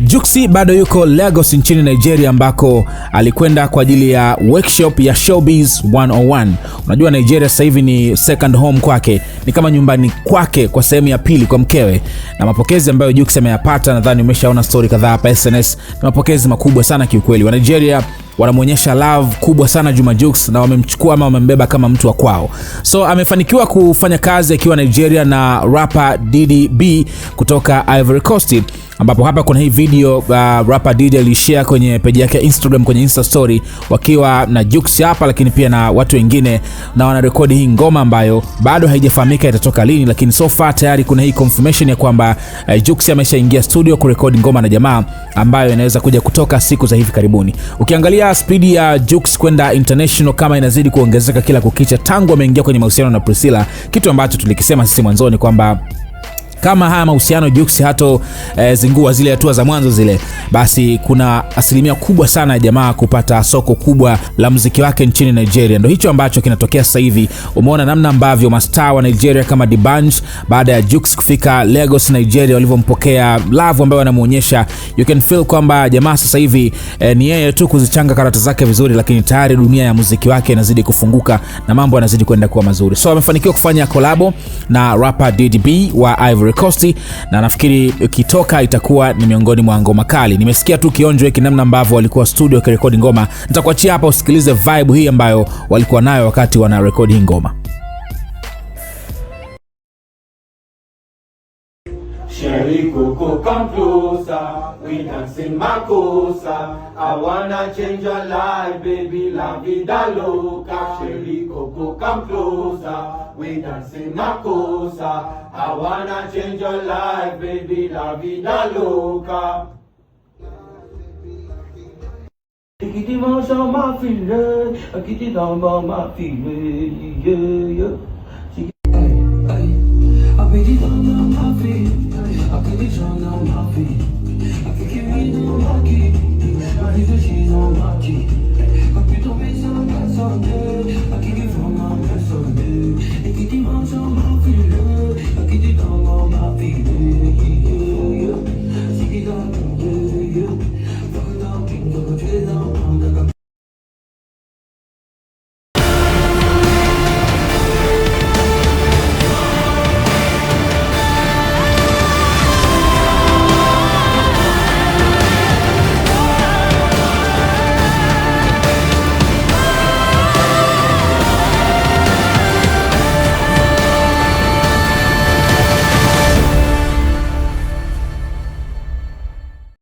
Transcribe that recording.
Juksi bado yuko Lagos nchini Nigeria ambako alikwenda kwa ajili ya workshop ya Showbiz 101. Unajua Nigeria sasa hivi ni second home kwake, ni kama nyumbani kwake kwa sehemu ya pili kwa mkewe, na mapokezi ambayo Juksi ameyapata, nadhani umeshaona story kadhaa hapa SNS, ni mapokezi makubwa sana kiukweli. Wa Nigeria wanamwonyesha love kubwa sana Juma Jux na wamemchukua ama wamembeba kama mtu wa kwao. So amefanikiwa kufanya kazi akiwa Nigeria na rapper DDB kutoka Ivory Coast ambapo hapa kuna hii video uh, rapper Diddy alishare kwenye peji yake ya Instagram kwenye Insta story wakiwa na Jux hapa, lakini pia na watu wengine, na wanarekodi hii ngoma ambayo bado haijafahamika itatoka lini, lakini so far tayari kuna hii confirmation ya kwamba uh, eh, Jux ameshaingia studio kurekodi ngoma na jamaa ambayo inaweza kuja kutoka siku za hivi karibuni. Ukiangalia spidi ya Jux kwenda international kama inazidi kuongezeka kila kukicha tangu ameingia kwenye mahusiano na Priscilla, kitu ambacho tulikisema sisi mwanzoni kwamba kama haya mahusiano Jux hato e, zingua zile hatua za mwanzo zile, basi kuna asilimia kubwa sana ya jamaa kupata soko kubwa la mziki wake nchini Nigeria. Ndio hicho ambacho kinatokea sasa hivi. Umeona namna ambavyo mastaa wa Nigeria kama D'banj baada ya Jux kufika Lagos Nigeria, walivyompokea love ambayo wanamuonyesha, you can feel kwamba jamaa sasa hivi e, ni yeye tu kuzichanga karata zake vizuri, lakini tayari dunia ya muziki wake inazidi kufunguka na mambo yanazidi kwenda kuwa mazuri. So amefanikiwa kufanya kolabo na rapper DDB wa Ivory Coast, na nafikiri ikitoka itakuwa ni miongoni mwa ngoma kali. Nimesikia tu kionjo hiki namna ambavyo walikuwa studio wakirekodi ngoma. Nitakuachia hapa usikilize vibe hii ambayo walikuwa nayo wakati wana rekodi hii ngoma. Sherry Coco, come closer. We dancing Makosa. I wanna change your life, baby. La vida loca. Sherry Coco, come closer. We dancing Makosa. I wanna change your life, baby. La vida loca. Kitty mouse my feet, eh. a kitty down on my eh, yeah, yeah baby, fall on my feet. I could be strong on my feet. I could get me on my key. My hips and she's on my key. 컴퓨터 위에서 발사돼. I keep get from my best of it. I keep be mom's on my feet. I could be dumb.